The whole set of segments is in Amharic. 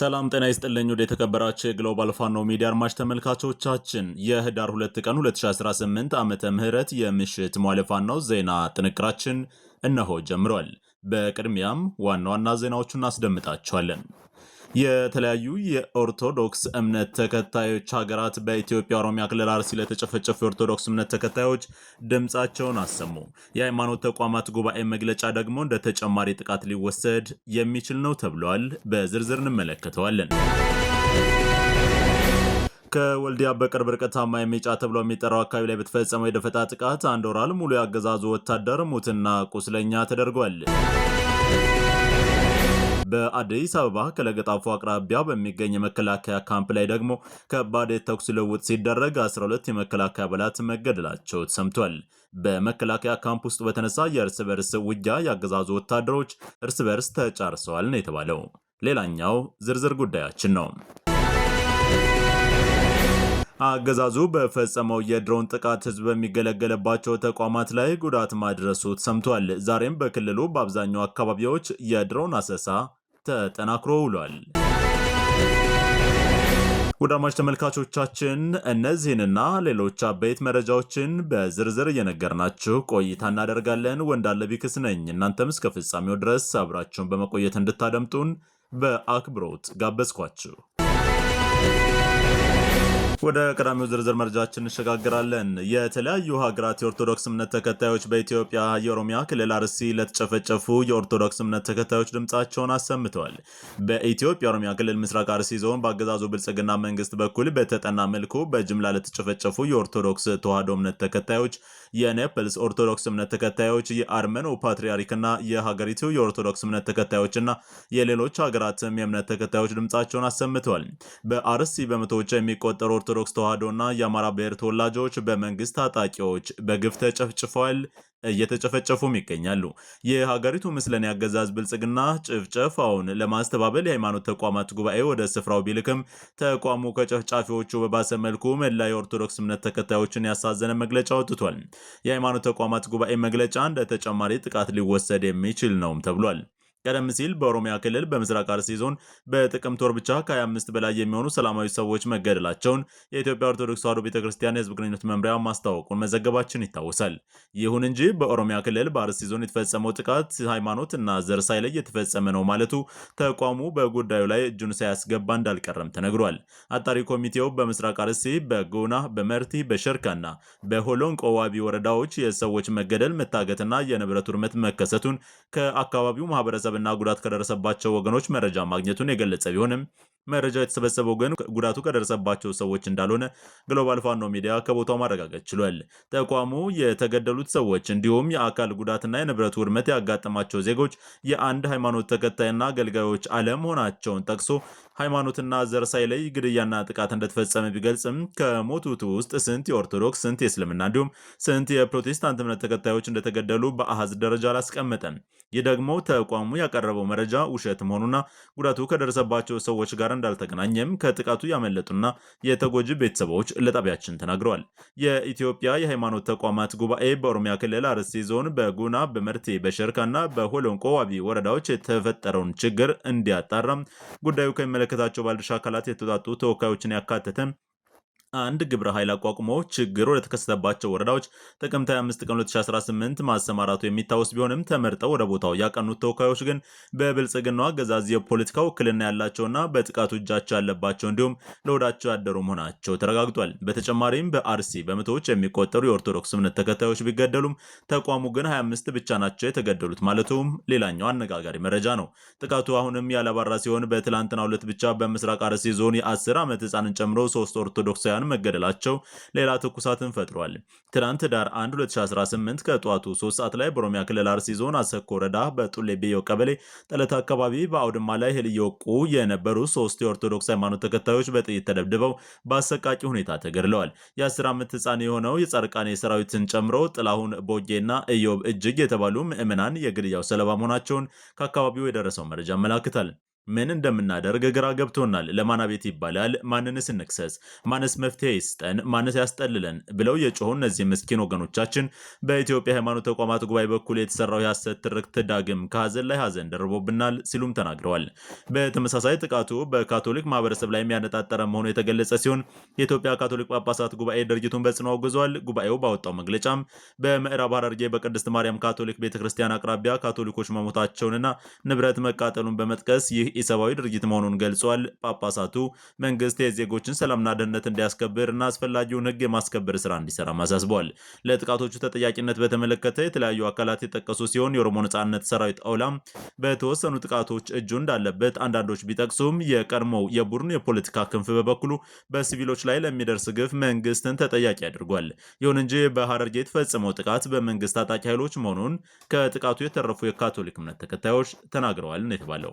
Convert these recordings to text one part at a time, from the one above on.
ሰላም ጤና ይስጥልኝ። ወደ የተከበራችሁ የግሎባል ፋኖ ሚዲያ አድማጭ ተመልካቾቻችን የህዳር 2 ቀን 2018 ዓመተ ምህረት የምሽት ሟለ ፋኖ ዜና ጥንቅራችን እነሆ ጀምሯል። በቅድሚያም ዋና ዋና ዜናዎቹን እናስደምጣችኋለን። የተለያዩ የኦርቶዶክስ እምነት ተከታዮች ሀገራት በኢትዮጵያ ኦሮሚያ ክልል አርሲ ለተጨፈጨፉ የኦርቶዶክስ እምነት ተከታዮች ድምፃቸውን አሰሙ። የሃይማኖት ተቋማት ጉባኤ መግለጫ ደግሞ እንደ ተጨማሪ ጥቃት ሊወሰድ የሚችል ነው ተብሏል። በዝርዝር እንመለከተዋለን። ከወልዲያ በቅርብ ርቀት ታማ የሚጫ ተብሎ የሚጠራው አካባቢ ላይ በተፈጸመው የደፈጣ ጥቃት አንድ ወራል ሙሉ የአገዛዙ ወታደር ሙትና ቁስለኛ ተደርጓል። በአዲስ አበባ ከለገጣፎ አቅራቢያ በሚገኝ የመከላከያ ካምፕ ላይ ደግሞ ከባድ የተኩስ ልውውጥ ሲደረግ 12 የመከላከያ አባላት መገደላቸው ተሰምቷል። በመከላከያ ካምፕ ውስጥ በተነሳ የእርስ በርስ ውጊያ ያገዛዙ ወታደሮች እርስ በርስ ተጫርሰዋል ነው የተባለው። ሌላኛው ዝርዝር ጉዳያችን ነው። አገዛዙ በፈጸመው የድሮን ጥቃት ህዝብ በሚገለገልባቸው ተቋማት ላይ ጉዳት ማድረሱ ተሰምቷል። ዛሬም በክልሉ በአብዛኛው አካባቢዎች የድሮን አሰሳ ተጠናክሮ ውሏል። ወደ አድማጭ ተመልካቾቻችን እነዚህንና ሌሎች አበይት መረጃዎችን በዝርዝር እየነገርናችሁ ቆይታ እናደርጋለን። ወንዳለ ቢክስ ነኝ። እናንተም እስከ ፍጻሜው ድረስ አብራችሁን በመቆየት እንድታደምጡን በአክብሮት ጋበዝኳችሁ። ወደ ቀዳሚው ዝርዝር መረጃችን እንሸጋግራለን። የተለያዩ ሀገራት የኦርቶዶክስ እምነት ተከታዮች በኢትዮጵያ የኦሮሚያ ክልል አርሲ ለተጨፈጨፉ የኦርቶዶክስ እምነት ተከታዮች ድምፃቸውን አሰምተዋል። በኢትዮጵያ ኦሮሚያ ክልል ምስራቅ አርሲ ዞን በአገዛዙ ብልጽግና መንግስት በኩል በተጠና መልኩ በጅምላ ለተጨፈጨፉ የኦርቶዶክስ ተዋህዶ እምነት ተከታዮች የኔፕልስ ኦርቶዶክስ እምነት ተከታዮች የአርመኖ ፓትሪያርክና የሀገሪቱ የኦርቶዶክስ እምነት ተከታዮችና የሌሎች ሀገራትም የእምነት ተከታዮች ድምፃቸውን አሰምተዋል። በአርሲ በመቶዎች የሚቆጠሩ ኦርቶዶክስ ተዋሕዶና የአማራ ብሔር ተወላጆች በመንግስት ታጣቂዎች በግፍ ተጨፍጭፈዋል፣ እየተጨፈጨፉም ይገኛሉ። የሀገሪቱ ምስለን ያገዛዝ ብልጽግና ጭፍጨፋውን ለማስተባበል የሃይማኖት ተቋማት ጉባኤ ወደ ስፍራው ቢልክም ተቋሙ ከጨፍጫፊዎቹ በባሰ መልኩ መላ የኦርቶዶክስ እምነት ተከታዮችን ያሳዘነ መግለጫ አውጥቷል። የሃይማኖት ተቋማት ጉባኤ መግለጫ እንደ ተጨማሪ ጥቃት ሊወሰድ የሚችል ነውም ተብሏል። ቀደም ሲል በኦሮሚያ ክልል በምስራቅ አርሲ ዞን በጥቅምት ወር ብቻ ከ25 በላይ የሚሆኑ ሰላማዊ ሰዎች መገደላቸውን የኢትዮጵያ ኦርቶዶክስ ተዋሕዶ ቤተክርስቲያን የህዝብ ግንኙነት መምሪያ ማስታወቁን መዘገባችን ይታወሳል። ይሁን እንጂ በኦሮሚያ ክልል በአርሲ ዞን የተፈጸመው ጥቃት ሃይማኖት እና ዘር ሳይለይ የተፈጸመ ነው ማለቱ ተቋሙ በጉዳዩ ላይ እጁን ሳያስገባ እንዳልቀረም ተነግሯል። አጣሪ ኮሚቴው በምስራቅ አርሲ፣ በጎና፣ በመርቲ፣ በሸርካ በሆሎንቆ ዋቢ ወረዳዎች የሰዎች መገደል መታገትና የንብረት ውድመት መከሰቱን ከአካባቢው ማህበረሰብ መሰብሰብና ጉዳት ከደረሰባቸው ወገኖች መረጃ ማግኘቱን የገለጸ ቢሆንም መረጃው የተሰበሰበው ግን ጉዳቱ ከደረሰባቸው ሰዎች እንዳልሆነ ግሎባል ፋኖ ሚዲያ ከቦታው ማረጋገጥ ችሏል። ተቋሙ የተገደሉት ሰዎች እንዲሁም የአካል ጉዳትና የንብረት ውድመት ያጋጠማቸው ዜጎች የአንድ ሃይማኖት ተከታይና አገልጋዮች አለመሆናቸውን ጠቅሶ ሃይማኖትና ዘር ሳይለይ ግድያና ጥቃት እንደተፈጸመ ቢገልጽም ከሞቱት ውስጥ ስንት የኦርቶዶክስ፣ ስንት የእስልምና እንዲሁም ስንት የፕሮቴስታንት እምነት ተከታዮች እንደተገደሉ በአሃዝ ደረጃ አላስቀመጠም። ይህ ደግሞ ተቋሙ ያቀረበው መረጃ ውሸት መሆኑና ጉዳቱ ከደረሰባቸው ሰዎች ጋር እንዳልተገናኘም ከጥቃቱ ያመለጡና የተጎጂ ቤተሰቦች ለጣቢያችን ተናግረዋል። የኢትዮጵያ የሃይማኖት ተቋማት ጉባኤ በኦሮሚያ ክልል አርሲ ዞን በጉና በመርቴ በሸርካና በሆሎንቆ ዋቢ ወረዳዎች የተፈጠረውን ችግር እንዲያጣራም ጉዳዩ ከመለ ከሚመለከታቸው ባለድርሻ አካላት የተውጣጡ ተወካዮችን ያካተተ አንድ ግብረ ኃይል አቋቁሞ ችግር ወደተከሰተባቸው ወረዳዎች ጥቅምት 25 ቀን 2018 ማሰማራቱ የሚታወስ ቢሆንም ተመርጠው ወደ ቦታው ያቀኑት ተወካዮች ግን በብልጽግናው አገዛዝ የፖለቲካ ውክልና ያላቸውና በጥቃቱ እጃቸው ያለባቸው እንዲሁም ለወዳቸው ያደሩ መሆናቸው ተረጋግጧል። በተጨማሪም በአርሲ በመቶዎች የሚቆጠሩ የኦርቶዶክስ እምነት ተከታዮች ቢገደሉም ተቋሙ ግን 25 ብቻ ናቸው የተገደሉት ማለቱም ሌላኛው አነጋጋሪ መረጃ ነው። ጥቃቱ አሁንም ያለባራ ሲሆን በትላንትና ሁለት ብቻ በምስራቅ አርሲ ዞን የ10 ዓመት ህፃንን ጨምሮ ሶስት ኦርቶዶክስ ። ንጹሐን መገደላቸው ሌላ ትኩሳትን ፈጥሯል። ትናንት ዳር 1 2018 ከጠዋቱ 3 ሰዓት ላይ በኦሮሚያ ክልል አርሲ ዞን አሰኮ ወረዳ በጡሌቤዮ ቀበሌ ጠለት አካባቢ በአውድማ ላይ እህል እየወቁ የነበሩ ሶስት የኦርቶዶክስ ሃይማኖት ተከታዮች በጥይት ተደብድበው በአሰቃቂ ሁኔታ ተገድለዋል። የ10 ዓመት ህፃን የሆነው የጻድቃኔ ሰራዊትን ጨምሮ ጥላሁን ቦጌና ኢዮብ እጅግ የተባሉ ምዕመናን የግድያው ሰለባ መሆናቸውን ከአካባቢው የደረሰው መረጃ አመላክታል። ምን እንደምናደርግ ግራ ገብቶናል። ለማን አቤት ይባላል? ማንንስ እንክሰስ? ማንስ መፍትሄ ይስጠን? ማንስ ያስጠልለን? ብለው የጮሁ እነዚህ ምስኪን ወገኖቻችን በኢትዮጵያ ሃይማኖት ተቋማት ጉባኤ በኩል የተሰራው የሐሰት ትርክት ዳግም ከሐዘን ላይ ሐዘን ደርቦብናል ሲሉም ተናግረዋል። በተመሳሳይ ጥቃቱ በካቶሊክ ማህበረሰብ ላይ የሚያነጣጠረ መሆኑ የተገለጸ ሲሆን የኢትዮጵያ ካቶሊክ ጳጳሳት ጉባኤ ድርጊቱን በጽኑ አውግዟል። ጉባኤው ባወጣው መግለጫም በምዕራብ ሐረርጌ በቅድስት ማርያም ካቶሊክ ቤተክርስቲያን አቅራቢያ ካቶሊኮች መሞታቸውንና ንብረት መቃጠሉን በመጥቀስ ይህ ኢሰብአዊ ድርጊት መሆኑን ገልጿል። ጳጳሳቱ መንግስት የዜጎችን ሰላምና ደህንነት እንዲያስከብር እና አስፈላጊውን ህግ የማስከበር ስራ እንዲሰራም አሳስበዋል። ለጥቃቶቹ ተጠያቂነት በተመለከተ የተለያዩ አካላት የጠቀሱ ሲሆን የኦሮሞ ነጻነት ሰራዊት አውላም በተወሰኑ ጥቃቶች እጁ እንዳለበት አንዳንዶች ቢጠቅሱም የቀድሞው የቡድኑ የፖለቲካ ክንፍ በበኩሉ በሲቪሎች ላይ ለሚደርስ ግፍ መንግስትን ተጠያቂ አድርጓል። ይሁን እንጂ በሐረርጌ የተፈጸመው ጥቃት በመንግስት ታጣቂ ኃይሎች መሆኑን ከጥቃቱ የተረፉ የካቶሊክ እምነት ተከታዮች ተናግረዋል ነው የተባለው።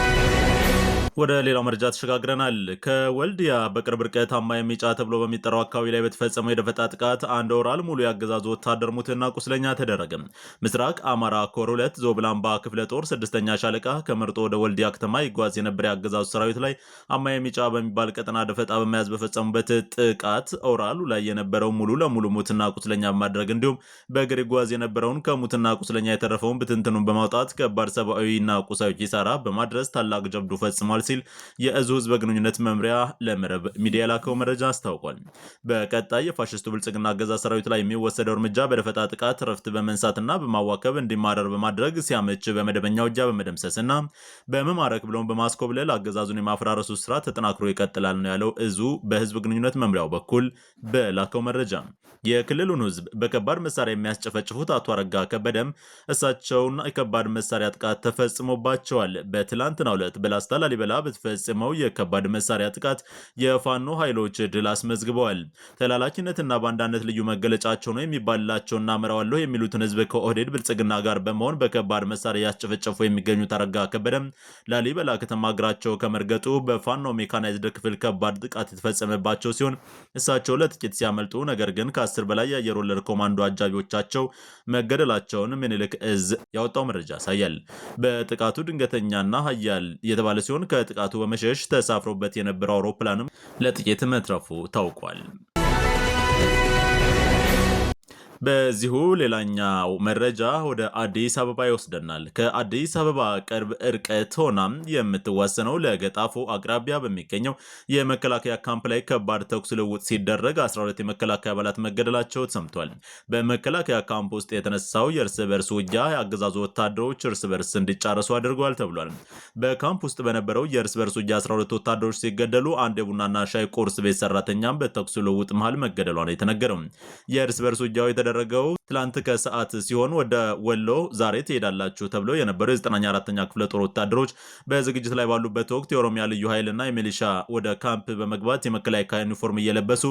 ወደ ሌላው መረጃ ተሸጋግረናል። ከወልዲያ በቅርብ ርቀት አማይ ሚጫ ተብሎ በሚጠራው አካባቢ ላይ በተፈጸመው የደፈጣ ጥቃት አንድ ወራል ሙሉ የአገዛዙ ወታደር ሙትና ቁስለኛ ተደረገ። ምስራቅ አማራ ኮር ሁለት ዞብላምባ ክፍለ ጦር ስድስተኛ ሻለቃ ከምርጦ ወደ ወልዲያ ከተማ ይጓዝ የነበረ የአገዛዙ ሰራዊት ላይ አማይ ሚጫ በሚባል ቀጠና ደፈጣ በመያዝ በፈጸሙበት ጥቃት ኦራሉ ላይ የነበረው ሙሉ ለሙሉ ሙትና ቁስለኛ በማድረግ እንዲሁም በእግር ይጓዝ የነበረውን ከሙትና ቁስለኛ የተረፈውን ብትንትኑን በማውጣት ከባድ ሰብአዊና ቁሳዊ ኪሳራ በማድረስ ታላቅ ጀብዱ ፈጽሟል ተፈጽሟል ሲል የእዙ ህዝበ ግንኙነት መምሪያ ለመረብ ሚዲያ የላከው መረጃ አስታውቋል። በቀጣይ የፋሽስቱ ብልጽግና አገዛዝ ሰራዊት ላይ የሚወሰደው እርምጃ በደፈጣ ጥቃት ረፍት በመንሳትና በማዋከብ እንዲማረር በማድረግ ሲያመች በመደበኛ ውጊያ በመደምሰስና በመማረክ ብለውን በማስኮብለል አገዛዙን የማፈራረሱ ስራ ተጠናክሮ ይቀጥላል ነው ያለው እዙ በህዝብ ግንኙነት መምሪያው በኩል በላከው መረጃ። የክልሉን ህዝብ በከባድ መሳሪያ የሚያስጨፈጭፉት አቶ አረጋ ከበደም እሳቸውና የከባድ መሳሪያ ጥቃት ተፈጽሞባቸዋል። በትላንትናው ዕለት በላስታ ላሊበላ ከላ በተፈጸመው የከባድ መሳሪያ ጥቃት የፋኖ ኃይሎች ድል አስመዝግበዋል። ተላላኪነትና በአንዳነት ልዩ መገለጫቸው ነው የሚባልላቸው አመራዋለሁ የሚሉትን ህዝብ ከኦህዴድ ብልጽግና ጋር በመሆን በከባድ መሳሪያ ያስጨፈጨፉ የሚገኙት አረጋ ከበደም ላሊበላ ከተማ እግራቸው ከመርገጡ በፋኖ ሜካናይዝድ ክፍል ከባድ ጥቃት የተፈጸመባቸው ሲሆን እሳቸው ለጥቂት ሲያመልጡ፣ ነገር ግን ከአስር በላይ የአየር ወለድ ኮማንዶ አጃቢዎቻቸው መገደላቸውን ምኒልክ እዝ ያወጣው መረጃ ያሳያል። በጥቃቱ ድንገተኛና ሀያል የተባለ ሲሆን ከጥቃቱ በመሸሽ ተሳፍሮበት የነበረው አውሮፕላንም ለጥቂት መትረፉ ታውቋል። በዚሁ ሌላኛው መረጃ ወደ አዲስ አበባ ይወስደናል። ከአዲስ አበባ ቅርብ እርቀት ሆናም የምትዋሰነው ለገጣፎ አቅራቢያ በሚገኘው የመከላከያ ካምፕ ላይ ከባድ ተኩስ ልውጥ ሲደረግ 12 የመከላከያ አባላት መገደላቸው ተሰምቷል። በመከላከያ ካምፕ ውስጥ የተነሳው የእርስ በርስ ውጊያ የአገዛዙ ወታደሮች እርስ በርስ እንዲጫረሱ አድርጓል ተብሏል። በካምፕ ውስጥ በነበረው የእርስ በርስ ውጊያ 12 ወታደሮች ሲገደሉ አንድ የቡናና ሻይ ቁርስ ቤት ሰራተኛም በተኩስ ልውጥ መሃል መገደሏ ነው የተነገረው። የእርስ በርስ ውጊያው የተደረገው ትላንት ከሰዓት ሲሆን ወደ ወሎ ዛሬ ትሄዳላችሁ ተብሎ የነበረው የ 94 ክፍለ ጦር ወታደሮች በዝግጅት ላይ ባሉበት ወቅት የኦሮሚያ ልዩ ኃይልና የሚሊሻ ወደ ካምፕ በመግባት የመከላከያ ዩኒፎርም እየለበሱ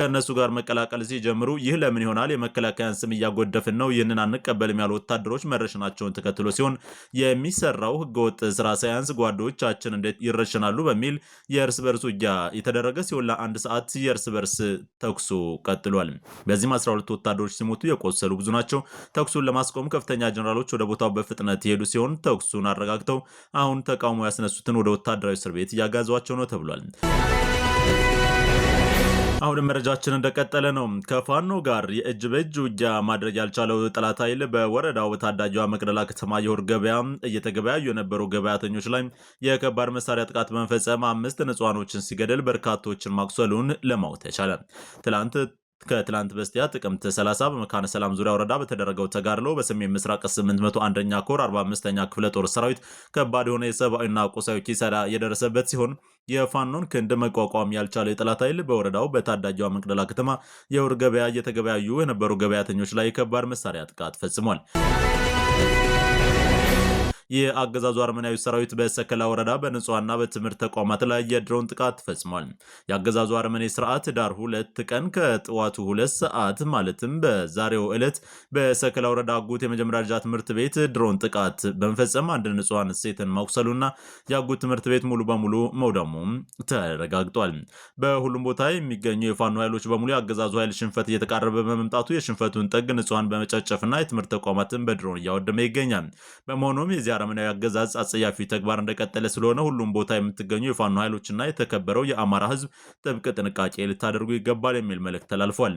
ከእነሱ ጋር መቀላቀል ሲጀምሩ ይህ ለምን ይሆናል? የመከላከያን ስም እያጎደፍን ነው፣ ይህንን አንቀበልም ያሉ ወታደሮች መረሸናቸውን ተከትሎ ሲሆን የሚሰራው ህገወጥ ስራ ሳያንስ ጓዶቻችን እንዴት ይረሸናሉ በሚል የእርስ በርስ ውጊያ የተደረገ ሲሆን ለአንድ ሰዓት የእርስ በርስ ተኩሱ ቀጥሏል። በዚህም 12 ወታደሮች ሲሞቱ የቆሰ የቆሰሉ ብዙ ናቸው። ተኩሱን ለማስቆም ከፍተኛ ጀኔራሎች ወደ ቦታው በፍጥነት የሄዱ ሲሆን ተኩሱን አረጋግተው አሁን ተቃውሞ ያስነሱትን ወደ ወታደራዊ እስር ቤት እያጋዟቸው ነው ተብሏል። አሁንም መረጃችን እንደቀጠለ ነው። ከፋኖ ጋር የእጅ በእጅ ውጊያ ማድረግ ያልቻለው ጠላት ኃይል በወረዳው በታዳጊዋ መቅደላ ከተማ የወር ገበያ እየተገበያዩ የነበሩ ገበያተኞች ላይ የከባድ መሳሪያ ጥቃት በመፈጸም አምስት ንጹሃኖችን ሲገደል በርካቶችን ማቁሰሉን ለማወቅ ተቻለ። ትላንት ከትላንት በስቲያ ጥቅምት 30 በመካነ ሰላም ዙሪያ ወረዳ በተደረገው ተጋድሎ በሰሜን ምስራቅ 801ኛ ኮር 45ኛ ክፍለ ጦር ሰራዊት ከባድ የሆነ የሰብአዊና ቁሳዊ ኪሳራ የደረሰበት ሲሆን የፋኖን ክንድ መቋቋም ያልቻለ የጠላት ኃይል በወረዳው በታዳጊዋ መቅደላ ከተማ የውር ገበያ እየተገበያዩ የነበሩ ገበያተኞች ላይ ከባድ መሳሪያ ጥቃት ፈጽሟል። የአገዛዙ አርመናዊ ሰራዊት በሰከላ ወረዳ በንጹሐና በትምህርት ተቋማት ላይ የድሮን ጥቃት ፈጽሟል። የአገዛዙ አርመኔ ስርዓት ዳር ሁለት ቀን ከጥዋቱ ሁለት ሰዓት ማለትም በዛሬው ዕለት በሰከላ ወረዳ አጉት የመጀመሪያ ደረጃ ትምህርት ቤት ድሮን ጥቃት በመፈጸም አንድ ንጹሐን ሴትን መቁሰሉና የአጉት ትምህርት ቤት ሙሉ በሙሉ መውደሙ ተረጋግጧል። በሁሉም ቦታ የሚገኙ የፋኖ ኃይሎች በሙሉ የአገዛዙ ኃይል ሽንፈት እየተቃረበ በመምጣቱ የሽንፈቱን ጥግ ንጹሐን በመጨጨፍና የትምህርት ተቋማትን በድሮን እያወደመ ይገኛል። በመሆኑም የዚያ የአረመናዊ አገዛዝ አጸያፊ ተግባር እንደቀጠለ ስለሆነ ሁሉም ቦታ የምትገኙ የፋኖ ኃይሎችና የተከበረው የአማራ ህዝብ ጥብቅ ጥንቃቄ ልታደርጉ ይገባል የሚል መልእክት ተላልፏል።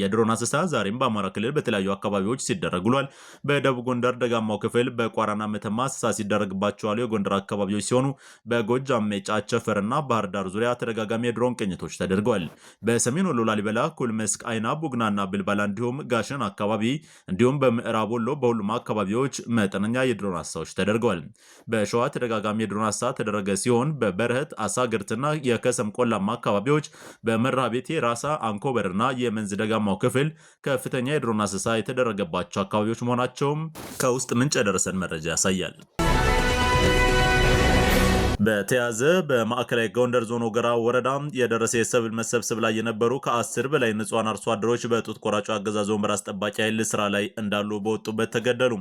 የድሮን አሰሳ ዛሬም በአማራ ክልል በተለያዩ አካባቢዎች ሲደረግ ውሏል። በደቡብ ጎንደር ደጋማው ክፍል በቋራና መተማ አሰሳ ሲደረግባቸው ያሉ የጎንደር አካባቢዎች ሲሆኑ በጎጃም ሜጫ፣ ቸፈርና ባህር ዳር ዙሪያ ተደጋጋሚ የድሮን ቅኝቶች ተደርገዋል። በሰሜን ወሎ ላሊበላ፣ ኩልመስክ፣ አይና ቡግናና ብልባላ እንዲሁም ጋሸን አካባቢ እንዲሁም በምዕራብ ወሎ በሁሉም አካባቢዎች መጠነኛ የድሮን አሳዎች ተደርገዋል። በሸዋ ተደጋጋሚ የድሮን አሳ ተደረገ ሲሆን በበረህት አሳ ግርትና የከሰም ቆላማ አካባቢዎች ቤቴ ራሳ አንኮበርና የመንዝ ደጋ ወርቃማው ክፍል ከፍተኛ የድሮን አሰሳ የተደረገባቸው አካባቢዎች መሆናቸውም ከውስጥ ምንጭ የደረሰን መረጃ ያሳያል። በተያዘ በማዕከላዊ ጎንደር ዞን ወገራ ወረዳ የደረሰ የሰብል መሰብሰብ ላይ የነበሩ ከአስር በላይ ንጹሃን አርሶ አደሮች በጡት ቆራጩ አገዛዝ ወንበር አስጠባቂ ኃይል ስራ ላይ እንዳሉ በወጡበት ተገደሉ።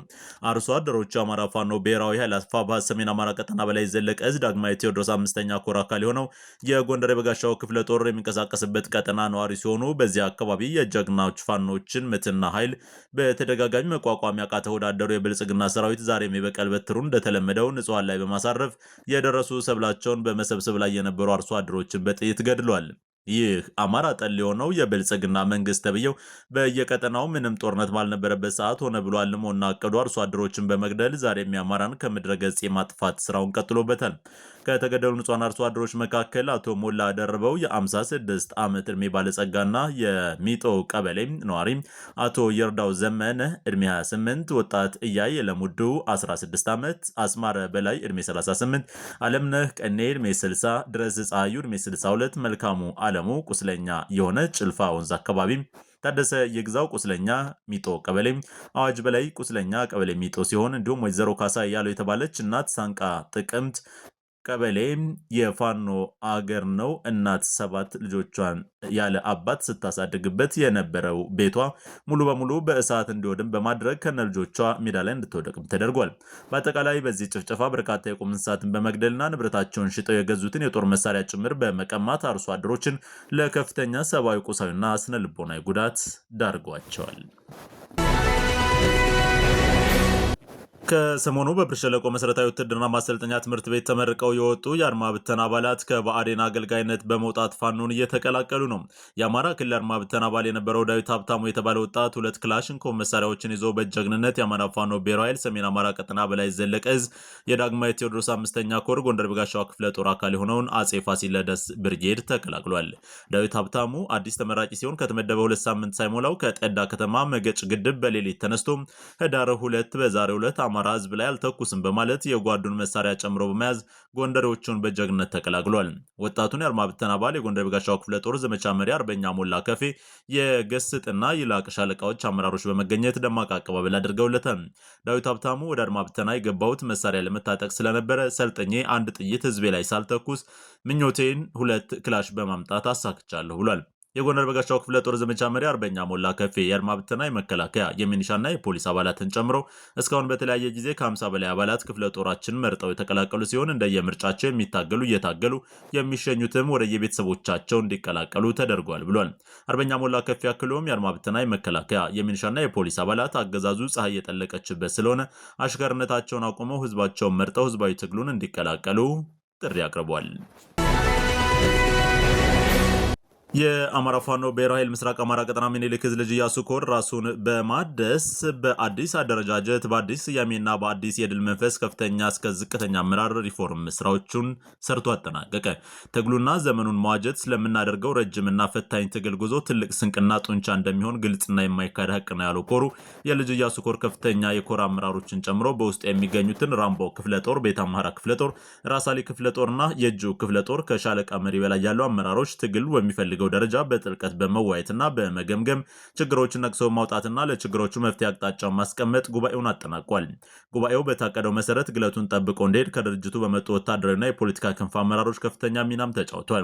አርሶ አደሮቹ አማራ ፋኖ ብሔራዊ ኃይል አፋባ ሰሜን አማራ ቀጠና በላይ ዘለቀ እዝ ዳግማዊ ቴዎድሮስ አምስተኛ ኮር አካል የሆነው የጎንደር የበጋሻው ክፍለ ጦር የሚንቀሳቀስበት ቀጠና ነዋሪ ሲሆኑ በዚህ አካባቢ የጀግናዎች ፋኖችን ምትና ኃይል በተደጋጋሚ መቋቋም ያቃተ ወዳደሩ የብልጽግና ሰራዊት ዛሬም የበቀል በትሩን እንደተለመደው ንጹሃን ላይ በማሳረፍ የደረሱ እየደረሱ ሰብላቸውን በመሰብሰብ ላይ የነበሩ አርሶ አደሮችን በጥይት ገድሏል። ይህ አማራ ጠል የሆነው የብልጽግና መንግስት ተብዬው በየቀጠናው ምንም ጦርነት ባልነበረበት ሰዓት ሆነ ብሎ አልሞና አቅዶ አርሶ አደሮችን በመግደል ዛሬም የአማራን ከምድረ ገጽ የማጥፋት ስራውን ቀጥሎበታል። ከተገደሉ ንጹሐን አርሶ አደሮች መካከል አቶ ሞላ ደርበው የ56 ዓመት ዕድሜ ባለጸጋና የሚጦ ቀበሌ ነዋሪ፣ አቶ የርዳው ዘመነ ዕድሜ 28፣ ወጣት እያይ ለሙዱ 16 ዓመት፣ አስማረ በላይ ዕድሜ 38፣ አለምነህ ቀኔ ዕድሜ 60፣ ድረስ ፀሐዩ ዕድሜ 62፣ መልካሙ አለሙ ቁስለኛ የሆነ ጭልፋ ወንዝ አካባቢ፣ ታደሰ የግዛው ቁስለኛ ሚጦ ቀበሌ፣ አዋጅ በላይ ቁስለኛ ቀበሌ ሚጦ ሲሆን እንዲሁም ወይዘሮ ካሳ ያለው የተባለች እናት ሳንቃ ጥቅምት ቀበሌም የፋኖ አገር ነው። እናት ሰባት ልጆቿን ያለ አባት ስታሳድግበት የነበረው ቤቷ ሙሉ በሙሉ በእሳት እንዲወድም በማድረግ ከነ ልጆቿ ሜዳ ላይ እንድትወደቅም ተደርጓል። በአጠቃላይ በዚህ ጭፍጨፋ በርካታ የቁም እንስሳትን በመግደልና ንብረታቸውን ሽጠው የገዙትን የጦር መሳሪያ ጭምር በመቀማት አርሶ አደሮችን ለከፍተኛ ሰብአዊ፣ ቁሳዊና ስነ ልቦናዊ ጉዳት ዳርጓቸዋል። ከሰሞኑ በብር ሸለቆ መሰረታዊ ውትድርና ማሰልጠኛ ትምህርት ቤት ተመርቀው የወጡ የአድማ ብተና አባላት ከብአዴን አገልጋይነት በመውጣት ፋኖን እየተቀላቀሉ ነው። የአማራ ክልል አድማ ብተና አባል የነበረው ዳዊት ሀብታሙ የተባለ ወጣት ሁለት ክላሽንኮቭ መሳሪያዎችን ይዞ በጀግንነት የአማራ ፋኖ ብሔራዊ ኃይል ሰሜን አማራ ቀጠና በላይ ዘለቀ እዝ የዳግማዊ ቴዎድሮስ አምስተኛ ኮር ጎንደር በጋሻዋ ክፍለ ጦር አካል የሆነውን አጼ ፋሲለደስ ብርጌድ ተቀላቅሏል። ዳዊት ሀብታሙ አዲስ ተመራቂ ሲሆን ከተመደበ ሁለት ሳምንት ሳይሞላው ከጠዳ ከተማ መገጭ ግድብ በሌሊት ተነስቶ ህዳር ሁለት በዛሬው ዕለት አማራ በአማራ ህዝብ ላይ አልተኩስም በማለት የጓዱን መሳሪያ ጨምሮ በመያዝ ጎንደሬዎቹን በጀግነት ተቀላቅሏል። ወጣቱን የአድማ ብተና አባል የጎንደር የጋሻው ክፍለ ጦር ዘመቻ መሪ አርበኛ ሞላ ከፌ፣ የገስጥና ይላቅ ሻለቃዎች አመራሮች በመገኘት ደማቅ አቀባበል አድርገውለታል። ዳዊት ሀብታሙ ወደ አድማ ብተና የገባሁት መሳሪያ ለመታጠቅ ስለነበረ ሰልጠኜ አንድ ጥይት ህዝቤ ላይ ሳልተኩስ ምኞቴን ሁለት ክላሽ በማምጣት አሳክቻለሁ ብሏል። የጎንደር በጋሻው ክፍለ ጦር ዘመቻ መሪ አርበኛ ሞላ ከፌ የአድማ ብተና የመከላከያ የሚኒሻና የፖሊስ አባላትን ጨምሮ እስካሁን በተለያየ ጊዜ ከ50 በላይ አባላት ክፍለ ጦራችን መርጠው የተቀላቀሉ ሲሆን እንደየምርጫቸው የሚታገሉ እየታገሉ የሚሸኙትም ወደ የቤተሰቦቻቸው እንዲቀላቀሉ ተደርጓል ብሏል። አርበኛ ሞላ ከፌ አክሎም የአድማ ብተና የመከላከያ የሚኒሻና የፖሊስ አባላት አገዛዙ ፀሐይ የጠለቀችበት ስለሆነ አሽከርነታቸውን አቁመው ህዝባቸውን መርጠው ህዝባዊ ትግሉን እንዲቀላቀሉ ጥሪ አቅርቧል። የአማራ ፋኖ ብሔራዊ ኃይል ምስራቅ አማራ ቀጠና ምኒልክ ልጅ ኢያሱ ኮር ራሱን በማደስ በአዲስ አደረጃጀት በአዲስ ስያሜና በአዲስ የድል መንፈስ ከፍተኛ እስከ ዝቅተኛ አመራር ሪፎርም ስራዎቹን ሰርቶ አጠናቀቀ። ትግሉና ዘመኑን መዋጀት ስለምናደርገው ረጅምና ፈታኝ ትግል ጉዞ ትልቅ ስንቅና ጡንቻ እንደሚሆን ግልጽና የማይካድ ሀቅ ነው ያለው ኮሩ የልጅ ኢያሱ ኮር ከፍተኛ የኮር አመራሮችን ጨምሮ በውስጥ የሚገኙትን ራምቦ ክፍለ ጦር፣ ቤት አማራ ክፍለ ጦር፣ ራሳሌ ክፍለ ጦርና የእጁ ክፍለ ጦር ከሻለቃ መሪ በላይ ያለው አመራሮች ትግል በሚፈልገው በሚያስፈልገው ደረጃ በጥልቀት በመወያየትና በመገምገም ችግሮችን ነቅሶ ማውጣትና ለችግሮቹ መፍትሄ አቅጣጫውን ማስቀመጥ ጉባኤውን አጠናቋል። ጉባኤው በታቀደው መሰረት ግለቱን ጠብቆ እንዲሄድ ከድርጅቱ በመጡ ወታደራዊና የፖለቲካ ክንፍ አመራሮች ከፍተኛ ሚናም ተጫውቷል።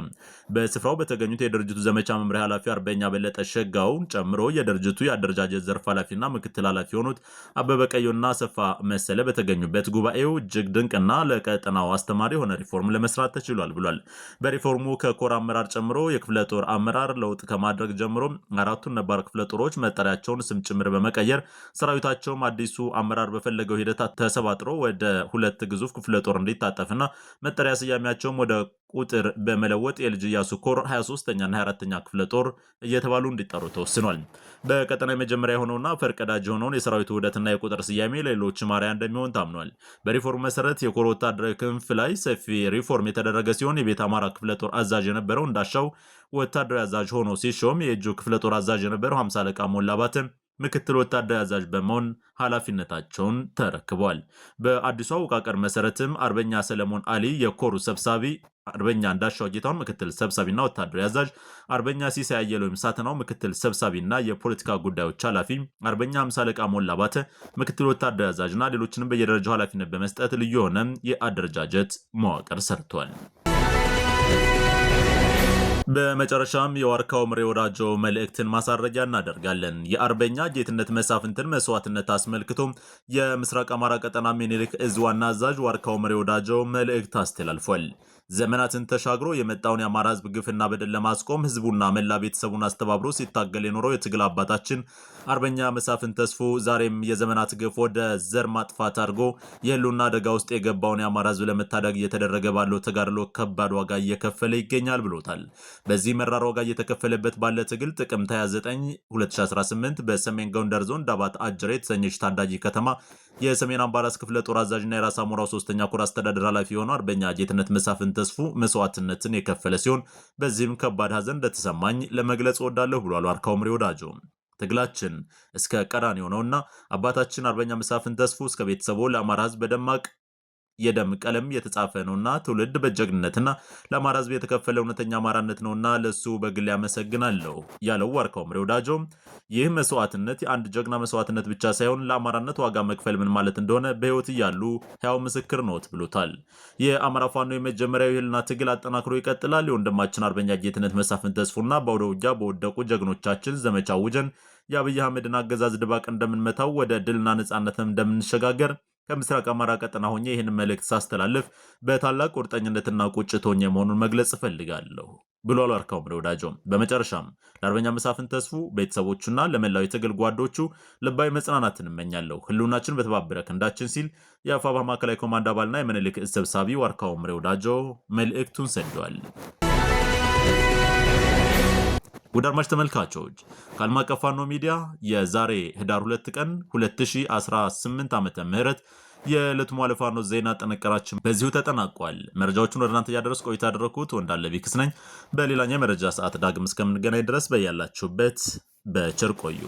በስፍራው በተገኙት የድርጅቱ ዘመቻ መምሪያ ኃላፊ አርበኛ በለጠ ሸጋውን ጨምሮ የድርጅቱ የአደረጃጀት ዘርፍ ኃላፊና ምክትል ኃላፊ የሆኑት አበበ ቀዮና ሰፋ መሰለ በተገኙበት ጉባኤው እጅግ ድንቅና ለቀጠናው አስተማሪ የሆነ ሪፎርም ለመስራት ተችሏል ብሏል። በሪፎርሙ ከኮር አመራር ጨምሮ የክፍለ ጦር አመራር ለውጥ ከማድረግ ጀምሮ አራቱን ነባር ክፍለ ጦሮች መጠሪያቸውን ስም ጭምር በመቀየር ሰራዊታቸውም አዲሱ አመራር በፈለገው ሂደት ተሰባጥሮ ወደ ሁለት ግዙፍ ክፍለ ጦር እንዲታጠፍና መጠሪያ ስያሜያቸውም ወደ ቁጥር በመለወጥ የልጅ ኢያሱ ኮር 23ኛና 24ኛ ክፍለ ጦር እየተባሉ እንዲጠሩ ተወስኗል። በቀጠና የመጀመሪያ የሆነውና ፈርቀዳጅ የሆነውን የሰራዊቱ ውህደትና የቁጥር ስያሜ ለሌሎች ማሪያ እንደሚሆን ታምኗል። በሪፎርም መሰረት የኮር ወታደራዊ ክንፍ ላይ ሰፊ ሪፎርም የተደረገ ሲሆን የቤት አማራ ክፍለ ጦር አዛዥ የነበረው እንዳሻው ወታደራዊ አዛዥ ሆኖ ሲሾም የእጁ ክፍለ ጦር አዛዥ የነበረው 50 አለቃ ሞላ ምክትል ወታደራዊ አዛዥ በመሆን ኃላፊነታቸውን ተረክበዋል። በአዲሱ አወቃቀር መሰረትም አርበኛ ሰለሞን አሊ የኮሩ ሰብሳቢ አርበኛ እንዳሻው ጌታውን ምክትል ሰብሳቢና ወታደራዊ አዛዥ፣ አርበኛ ሲሳይ ወይም ሳተናው ምክትል ሰብሳቢና የፖለቲካ ጉዳዮች ኃላፊ፣ አርበኛ ሃምሳ አለቃ ሞላ ባተ ምክትል ወታደራዊ አዛዥና ሌሎችንም በየደረጃው ኃላፊነት በመስጠት ልዩ የሆነ የአደረጃጀት መዋቅር ሰርቷል። በመጨረሻም የዋርካው ምሬ ወዳጆ መልእክትን ማሳረጊያ እናደርጋለን። የአርበኛ ጌትነት መሳፍንትን መስዋዕትነት አስመልክቶ የምስራቅ አማራ ቀጠና ምኒልክ እዝ ዋና አዛዥ ዋርካው ምሬ ወዳጆ መልእክት አስተላልፏል። ዘመናትን ተሻግሮ የመጣውን የአማራ ህዝብ ግፍና በደል ለማስቆም ህዝቡና መላ ቤተሰቡን አስተባብሮ ሲታገል የኖረው የትግል አባታችን አርበኛ መሳፍን ተስፎ ዛሬም የዘመናት ግፍ ወደ ዘር ማጥፋት አድርጎ የህልውና አደጋ ውስጥ የገባውን የአማራ ህዝብ ለመታደግ እየተደረገ ባለው ተጋድሎ ከባድ ዋጋ እየከፈለ ይገኛል ብሎታል። በዚህ መራር ዋጋ እየተከፈለበት ባለ ትግል ጥቅምት 29 2018 በሰሜን ጎንደር ዞን ዳባት አጅሬ የተሰኘች ታዳጊ ከተማ የሰሜን አምባራስ ክፍለ ጦር አዛዥና የራስ አሞራው ሶስተኛ ኩር አስተዳደር ኃላፊ የሆነው አርበኛ ጌትነት መሳፍን ተስፉ መስዋዕትነትን የከፈለ ሲሆን በዚህም ከባድ ሀዘን እንደተሰማኝ ለመግለጽ እወዳለሁ ብሏል። ዋርካው ምሬ ወዳጆ ትግላችን እስከ ቀዳን የሆነውና አባታችን አርበኛ መሳፍን ተስፉ እስከ ቤተሰቡ ለአማራ ህዝብ በደማቅ የደም ቀለም የተጻፈ ነውና ትውልድ በጀግንነትና ለአማራ ህዝብ የተከፈለ እውነተኛ አማራነት ነውና ለሱ በግል ያመሰግናለሁ ያለው ዋርካው ምሬ ወዳጆ ይህ መስዋዕትነት የአንድ ጀግና መስዋዕትነት ብቻ ሳይሆን ለአማራነት ዋጋ መክፈል ምን ማለት እንደሆነ በህይወት እያሉ ሕያው ምስክር ነዎት ብሎታል። የአማራ ፋኖ የመጀመሪያው የህልና ትግል አጠናክሮ ይቀጥላል። የወንድማችን አርበኛ ጌትነት መሳፍን ተስፉና በአውደ ውጊያ በወደቁ ጀግኖቻችን ዘመቻ ውጀን የአብይ አህመድን አገዛዝ ድባቅ እንደምንመታው ወደ ድልና ነጻነትም እንደምንሸጋገር ከምስራቅ አማራ ቀጠና ሆኜ ይህን መልእክት ሳስተላልፍ በታላቅ ቁርጠኝነትና ቁጭት ሆኜ መሆኑን መግለጽ እፈልጋለሁ ብሏል አርካው ምረ ወዳጆም። በመጨረሻም ለአርበኛ መሳፍን ተስፉ ቤተሰቦቹና ለመላው የትግል ጓዶቹ ልባዊ መጽናናትን እመኛለሁ። ህልውናችን በተባበረ ክንዳችን ሲል የአፋባ ማዕከላዊ ኮማንድ አባልና የምኒልክ እዝ ሰብሳቢ አርካው ምረ ወዳጆ መልእክቱን ሰደዋል። ውድ አድማጭ ተመልካቾች ከዓለም አቀፍ ፋኖ ሚዲያ የዛሬ ህዳር 2 ቀን 2018 ዓመተ ምህረት የዕለቱ ማለ ፋኖ ዜና ጥንቅራችን በዚሁ ተጠናቋል። መረጃዎቹን ወደ እናንተ እያደረስ ቆይታ ያደረግኩት ወንዳለ ቢክስ ነኝ። በሌላኛው የመረጃ ሰዓት ዳግም እስከምንገናኝ ድረስ በያላችሁበት በቸር ቆዩ።